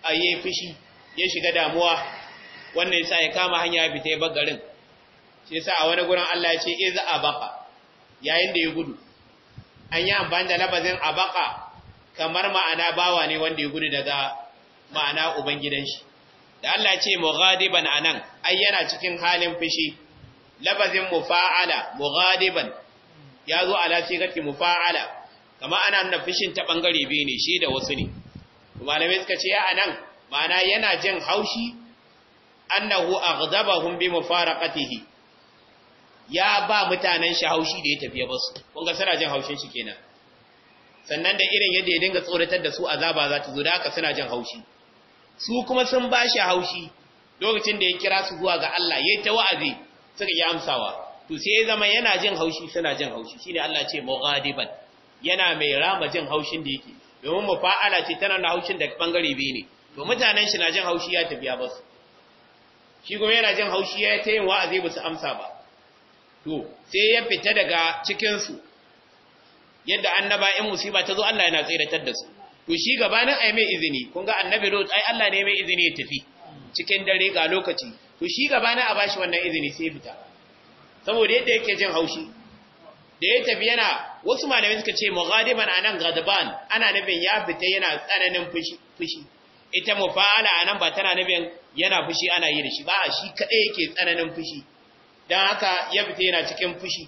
a yi fushi ya shiga damuwa wannan sa ya kama hanya ya fita ya bar garin shi sa a wani gurin Allah ya ce iz abaka yayin da ya gudu an yi amfani da labazin abaka kamar ma'ana bawa ne wanda ya gudu daga ma'ana ubangidan shi da Allah ce mughadiban anan ai yana cikin halin fushi labazin mufa'ala mughadiban ya zo ala sigati mufa'ala kama ana nuna fushin ta bangare biyu ne shi da wasu ne malamai suka ce ya anan ma'ana yana jin haushi annahu aghdabahum bi mufaraqatihi ya ba mutanen shi haushi da ya tafi ya basu kun ga suna jin haushin shi kenan sannan da irin yadda ya dinga tsoratar da su azaba za ta zo da haka suna jin haushi su kuma sun ba shi haushi lokacin da ya kira su zuwa ga Allah ya yi ta wa'azi suka yi amsawa to sai ya zama yana jin haushi suna jin haushi shi ne Allah ce mughadiban yana mai rama jin haushin da yake domin mu fa’ala ce tana da haushin daga ɓangare biyu ne to mutanen shi na jin haushi ya tafiya ba su shi kuma yana jin haushi ya ta yin wa'azi ba su amsa ba to sai ya fita daga cikinsu yadda annaba in musiba ta zo Allah yana tsiratar da su to shi gabanin ai mai izini kun ga annabi lot ai Allah ne mai izini ya tafi cikin dare ga lokaci to shi gabanin a bashi wannan izini sai fita saboda yadda yake jin haushi da ya tafi yana wasu malamai suka ce mughadiban anan ghadban ana nufin ya fita yana tsananin fushi fushi ita mufa'ala anan ba tana nufin yana fushi ana yi da shi ba shi kadai yake tsananin fushi dan haka ya fita yana cikin fushi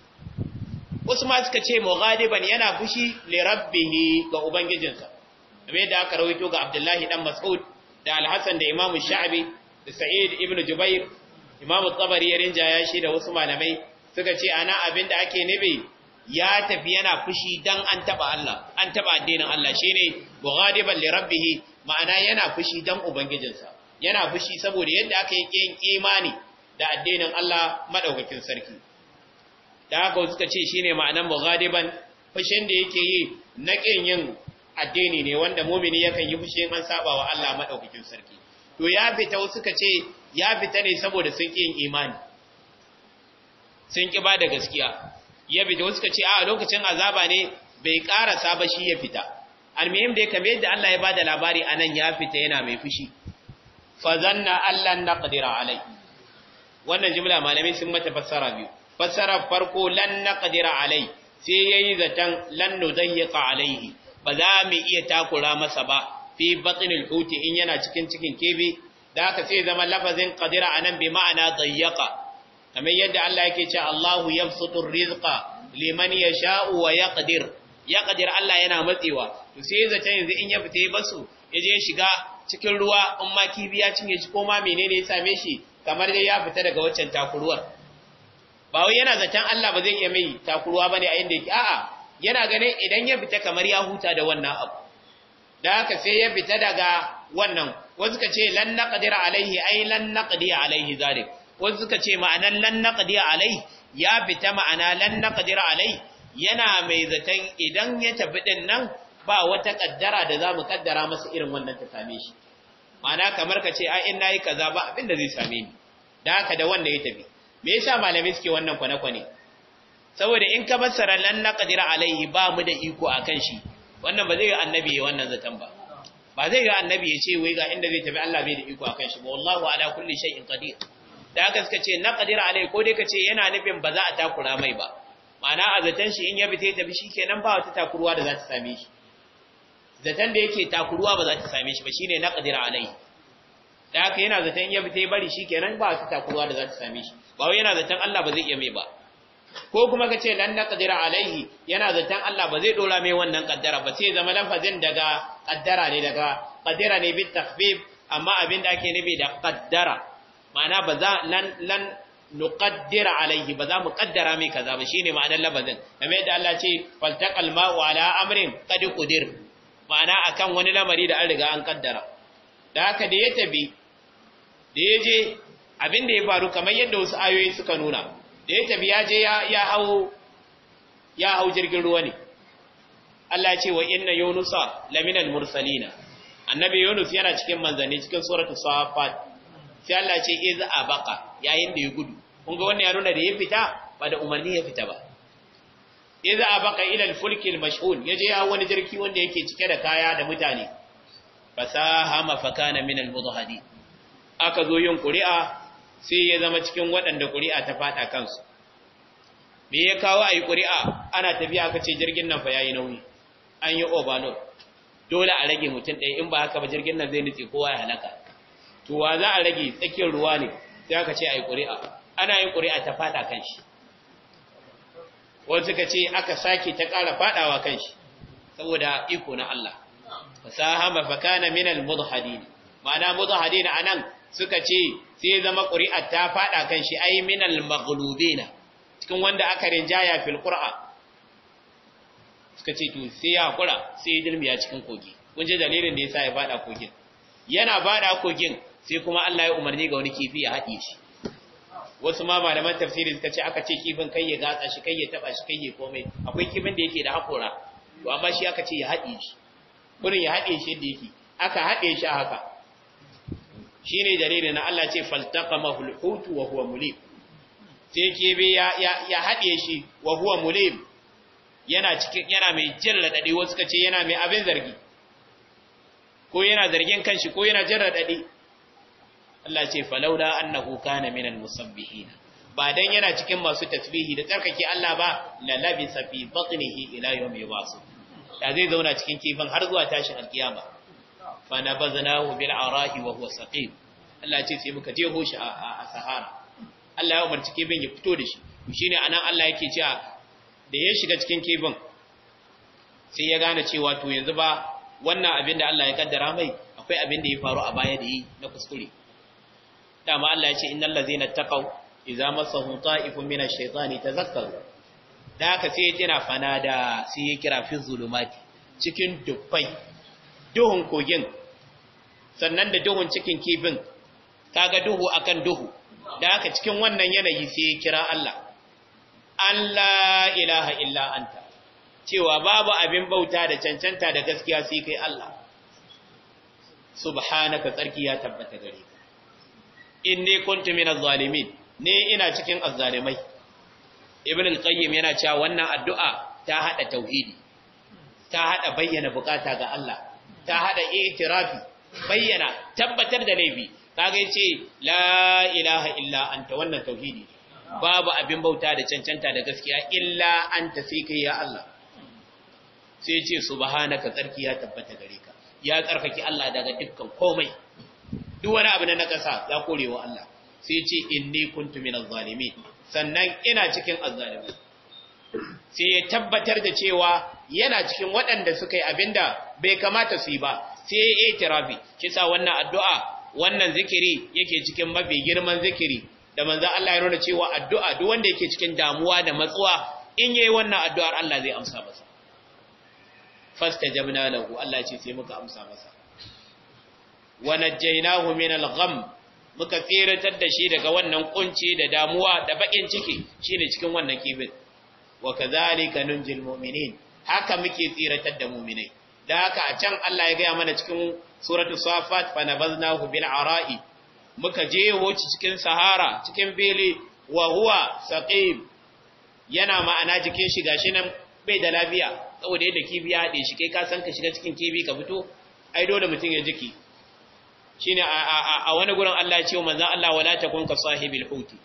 wasu ma suka ce mughadiban yana fushi li rabbihi ga ubangijinsa kamar yadda aka rawaito ga Abdullahi dan Mas'ud da Al-Hasan da Imam Shu'abi da Sa'id ibn Jubair Imam Tabari ya ya shi da wasu malamai suka ce ana abin da ake nabi ya tafi yana fushi dan an taba Allah an taba addinin Allah shine bughadiban li rabbih ma'ana yana fushi dan ubangijinsa yana fushi saboda yadda aka yi yin imani da addinin Allah madaukakin sarki da haka suka ce shine ma'anan mughadiban fushin da yake yi na kin yin addini ne wanda mumini yakan yi fushi an saba wa Allah madaukakin sarki to ya fita wasu suka ce ya fita ne saboda sun ki yin imani sun ki ba da gaskiya ya fita wasu suka ce a lokacin azaba ne bai karasa ba shi ya fita almuhim dai kamar yadda Allah ya bada labari anan ya fita yana mai fushi fa zanna na qadira alai wannan jumla malamai sun mata fassara biyu fassara farko lan qadira alai sai yayi zatan lan nudayyiqa alaihi ba za mu iya takura masa ba fi batnil huti in yana cikin cikin kebe da ka sai zama lafazin qadira anan bi ma'ana dayyaka kamar yadda Allah yake cewa Allahu yabsutur rizqa liman yasha'u wa yaqdir yaqdir Allah yana matsewa to sai zace yanzu in ya fita basu je shiga cikin ruwa in ma ya cinye shi ko ma menene ya same shi kamar dai ya fita daga waccan takuruwar ba wai yana zaton Allah ba zai iya mai takuruwa bane a inda yake a'a yana ganin idan ya fita kamar ya huta da wannan abu da haka sai ya fita daga wannan wasu ka ce lan naqdir alaihi ai lan naqdi alaihi zalik wasu suka ce ma'anan lan naqdi alai ya fita ma'ana lan naqdir alai yana mai zaton idan ya tafi din nan ba wata kaddara da zamu kaddara masa irin wannan ta same shi ma'ana kamar ka ce ai in nayi kaza ba abin da zai same ni da haka da wanda ya tafi me yasa malamai suke wannan kwane-kwane saboda in ka fassara lan naqdir alaihi ba mu da iko akan shi wannan ba zai ga annabi ya wannan zaton ba ba zai ga annabi ya ce wai ga inda zai tafi Allah bai da iko akan shi ba wallahu ala kulli shay'in qadir da haka suka ce naqdir alaihi ko dai ka ce yana nufin ba za a takura mai ba ma'ana a zaton shi in ya bi ta bi shikenan ba wata takurwa da za ta same shi zaton da yake takurwa ba za ta same shi ba shine naqdir alaihi da haka yana zaton in ya bi bari shikenan ba wata takurwa da za ta same shi ba wai yana zaton Allah ba zai iya mai ba ko kuma ka ce lan naqdira alaihi yana zaton Allah ba zai dora mai wannan kaddara ba sai zama lafazin daga kaddara ne daga kaddara ne bi takhfif amma abin da ake nufi da kaddara ma'ana ba za lan lan nuqaddira alaihi ba za mu kaddara mai kaza ba shine ma'anar lafazin kamar yadda Allah ce faltaqal ma'u ala amrin qad qudir ma'ana akan wani lamari da an riga an kaddara da haka da ya tabi da ya je abin da ya faru kamar yadda wasu ayoyi suka nuna da ya tafi ya je ya hau jirgin ruwa ne Allah ce wa inna yunusa laminal mursalina annabi yunus yana cikin manzanni cikin suratu safat sai Allah ce iz abaqa yayin da ya gudu kun ga wannan ya nuna da ya fita ba da umarni ya fita ba iz abaqa ila al-fulki al-mashhun yaje ya wani jirki wanda yake cike da kaya da mutane fasaha fakana min al-mudhadi aka zo yin ƙuri'a sai ya zama cikin waɗanda ƙuri'a ta faɗa kansu me ya kawo a yi ƙuri'a ana tafiya aka ce jirgin nan fa yayi nauyi an yi overload dole a rage mutum ɗaya in ba haka ba jirgin nan zai nutse kowa ya halaka to wa za a rage tsakiyar ruwa ne sai aka ce a yi ƙuri'a ana yin ƙuri'a ta faɗa kan shi wani suka ce aka sake ta ƙara faɗawa kanshi? shi saboda iko na Allah fasaha mafakana minal mudhadin ma'ana a nan? suka ce sai zama ƙuri'ar ta faɗa kan shi ai minal maghlubina cikin wanda aka rinjaya fil qur'a suka ce to sai ya kura sai ya dirmiya cikin kogi kun ji dalilin da yasa ya faɗa kogin yana faɗa kogin sai kuma Allah ya umarni ga wani kifi ya haɗe shi wasu ma malaman tafsiri suka ce aka ce kifin kai ya gatsa shi kai ya taba shi kai ya komai akwai kifin da yake da hakora to amma shi aka ce ya haɗe shi gurin ya haɗe shi yadda yake aka haɗe shi haka shine dalilin na Allah ce faltaqamahu alhut wa huwa mulim sai kebe ya ya hade shi wa huwa mulim yana cikin yana mai jarradade wasu ka ce yana mai abin zargi ko yana zargin kanshi ko yana jarradade Allah ce falaula annahu kana minal musabbihin ba dan yana cikin masu tasbihi da tsarkake Allah ba la labisa fi batnihi ila yawmi wasu da zai zauna cikin kifin har zuwa tashin alkiyama fa nabaznahu bil arahi wa huwa saqim Allah ce sai muka jeho shi a sahara Allah ya umarci kebin ya fito da shi shine anan Allah yake cewa da ya shiga cikin kebin sai ya gane cewa to yanzu ba wannan abin da Allah ya kaddara mai akwai abin da ya faru a baya da yi na kuskure dama Allah ya ce innal ladzina taqaw idza massahum ta'ifun minash shaitani tazakkaru da haka sai ya kira fanada sai ya kira fi zulumati cikin dubbai duhun kogin sannan da duhun cikin kifin ga duhu akan duhu da haka cikin wannan yanayi sai kira Allah Allah ilaha illa anta cewa babu abin bauta da cancanta da gaskiya sai kai Allah subhanaka tsarki ya tabbata gare ka inni kuntu az zalimin ne ina cikin azzalimai ibn al-qayyim yana cewa wannan addu'a ta hada tauhidi ta hada bayyana bukata ga Allah ta hada itirafi bayyana tabbatar da laifi kage ce la ilaha illa anta wannan tauhidi babu abin bauta da cancanta da gaskiya illa anta sai kai ya Allah sai ce subhanaka tsarki ya tabbata gare ka ya tsarkake Allah daga dukkan komai duk wani abu na nakasa ya korewa Allah sai ce inni kuntu minaz zalimin sannan ina cikin azzalimi sai ya tabbatar da cewa yana cikin waɗanda suka yi abinda bai kamata su yi ba sai ya itirafi kisa wannan addu'a wannan zikiri yake cikin mafi girman zikiri da manzon Allah ya nuna cewa addu'a duk wanda yake cikin damuwa da matsuwa in yayi wannan addu'ar Allah zai amsa masa fastajabna lahu Allah ce sai muka amsa masa wa najjaynahu min al-gham muka tsiratar da shi daga wannan kunci da damuwa da bakin ciki shine cikin wannan kibin wa kadhalika nunjil mu'minin haka muke tsiratar da mu'minai da haka a can Allah ya gaya mana cikin suratu safat fa nabaznahu bil ara'i muka je wuce cikin sahara cikin bele wa huwa saqim yana ma'ana jikin shi gashi nan bai da lafiya saboda yadda kibi ya haɗe shi kai ka san ka shiga cikin kibi ka fito ai dole mutum ya jiki shine a wani gurin Allah ya ce manzo Allah wala takun ka sahibil huti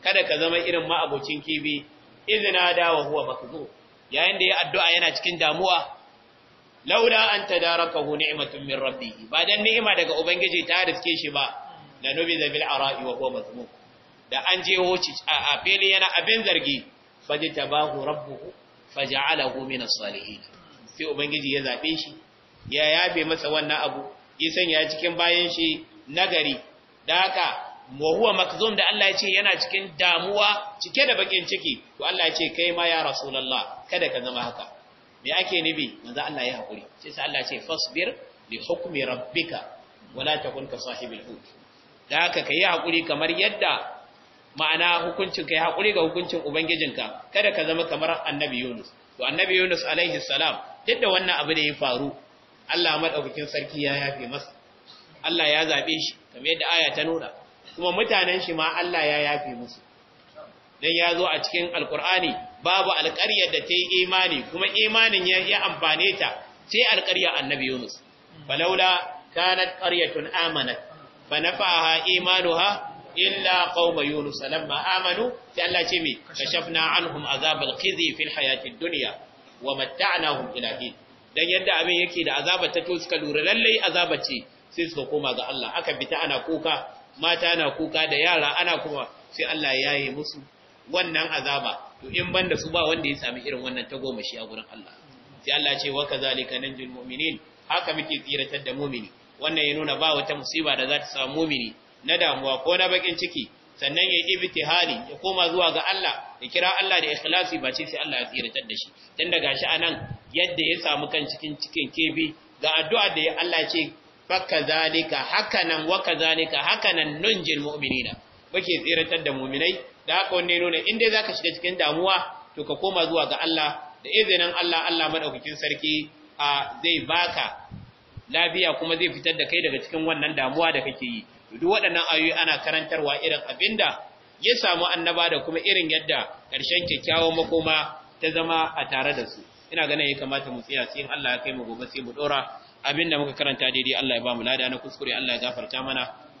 kada ka zama irin ma'abocin kibi idna da wa huwa makzu yayin da ya addu'a yana cikin damuwa laula an tadarakahu ni'matun min rabbih ba dan ni'ima daga ubangiji ta riske shi ba la nubi da bil ara'i wa huwa mazmum da an je hoci a fili yana abin zargi fajtabahu rabbuhu faj'alahu min as-salihin sai ubangiji ya zabe shi ya yabe masa wannan abu ya sanya cikin bayan shi nagari da haka wa huwa makzum da Allah ya ce yana cikin damuwa cike da bakin ciki to Allah ya ce kai ma ya rasulullah kada ka zama haka me ake nubi manzo Allah ya hakuri sai sai Allah ce fasbir li hukmi rabbika wala takun ka sahibul hut da haka kai hakuri kamar yadda ma'ana hukuncin kai hakuri ga hukuncin ubangijinka kada ka zama kamar annabi Yunus to annabi Yunus alaihi salam yadda wannan abu da ya faru Allah madaukakin sarki ya yafe masa Allah ya zabe shi kamar yadda aya ta nuna kuma mutanen shi ma Allah ya yafe musu dan ya zo a cikin alqur'ani babu alƙaryar da ta yi imani kuma imanin ya amfane ta sai alƙaryar annabi Yunus falaula kanat qaryatun amanat fa nafaha imanuha illa qauma yunus lamma amanu sai Allah ce me kashafna anhum azabal khizi fil hayatid dunya wa matta'nahum ila hin dan yadda abin yake da azabar ta to suka lura lalle azabar ce sai suka koma ga Allah aka fita ana kuka mata ana kuka da yara ana kuma sai Allah ya yi musu wannan azaba to in banda su ba wanda ya sami irin wannan tagomashi a gurin Allah sai Allah ce wa kazalika nanjul mu'minin haka muke tsiratar da mu'mini wannan ya nuna ba wata musiba da za ta samu mu'mini na damuwa ko na bakin ciki sannan ya ibtihali ya koma zuwa ga Allah ya kira Allah da ikhlasi ba ce sai Allah ya tsiratar da shi dan daga shi anan yadda ya samu kan cikin cikin kebi ga addu'a da ya Allah ce fakazalika hakanan wa kazalika hakanan nunjil mu'minina muke tsiratar da mu'minai da aka wanda nuna in dai ka shiga cikin damuwa to ka koma zuwa ga Allah da izinin Allah Allah madaukakin sarki a zai baka lafiya kuma zai fitar da kai daga cikin wannan damuwa da kake yi duk waɗannan ayoyi ana karantarwa irin abinda ya samu annaba da kuma irin yadda ƙarshen kyakkyawan makoma ta zama a tare da su ina ganin ya kamata mu tsaya sai in Allah ya kai mu gobe sai mu dora abinda muka karanta daidai Allah ya ba mu lada na kuskure Allah ya gafarta mana